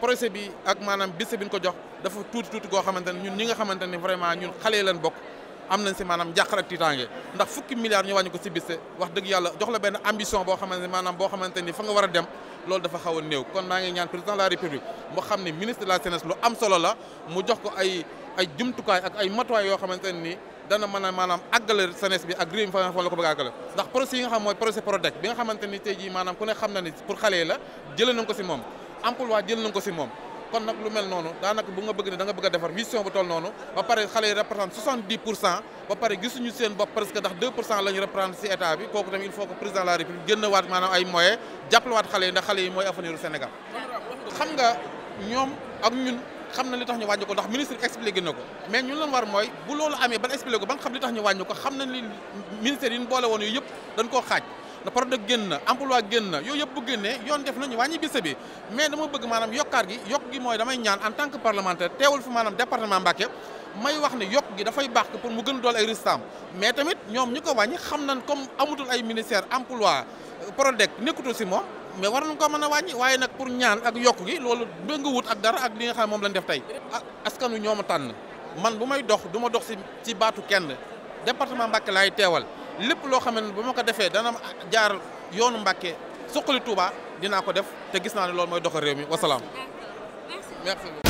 projet bi ak maanaam bés bi ñu ko jox dafa tuuti tuuti goo xamante ne ñun ñi nga xamante ne vraiment ñun xale yi leen bokk am nañ si maanaam njàqar ak tiitaange ndax fukki milliards ñu wàññi ko si bés wax dëgg yàlla jox la benn ambition boo xamante ne maanaam boo xamante ni fa nga war a dem loolu dafa xaw a néew kon maa ngi ñaan président la république mu xam ne ministre la jeunesse lu am solo la mu jox ko ay ay jumtukaay ak ay matuwaay yoo xamante ne nii dana mën a maanaam àggale jeunesse bi ak réew mi a àggale ndax projet yi nga xam mooy projet Prodec bi na ko si moom emploi jël nañ ko si moom kon nag lu mel noonu daanaka bu nga bëgg ne da nga bëgg a defar vision bu toll noonu ba pare xale yi représente 70 pour cent ba pare gisuñu seen bopp presque ndax 2 pour cent la ñu représente si bi kooku tamit il faut que président de la république génnewaat maanaam ay moyens jàppalewaat xale yi ndax xale yi mooy avenir Sénégal. xam nga ñoom ak ñun xam na li tax ñu wàññi ko ndax ministre expliqué na ko ma ñun lan war mooy bu loolu amee ban expliqué ko ba nga xam li tax ñu wàññi ko xam koo xaaj produit génn na emploi génn na yooyu yëpp bu génnee yoon def nañu wàññi bise bi mais dama bëgg maanaam yokkaat gi yokk gi mooy damay ñaan en tant que parlementaire teewul fi maanaam département Mbacké may wax ne yokk gi dafay baax pour mu gën dool ay résultats mais tamit ñoom ñu ko wàññi xam nañ comme amutul ay ministère emploi euh, Prodec nekkutul si moom mais war nañ ko mën a wàññi waaye nag pour ñaan ak yokk gi loolu bëgg wut ak dara ak li nga xam moom lañ def tey. Ah, askanu ñoo ma tànn man bu may dox du ma dox si baatu kenn département Mbacké laay teewal. lépp loo xamante ne bu ma ko defee dana jaar yoonu Mbàkke suqali Touba dinaa ko def te gis naa ne loolu mooy doxal réew mi wasalaam merci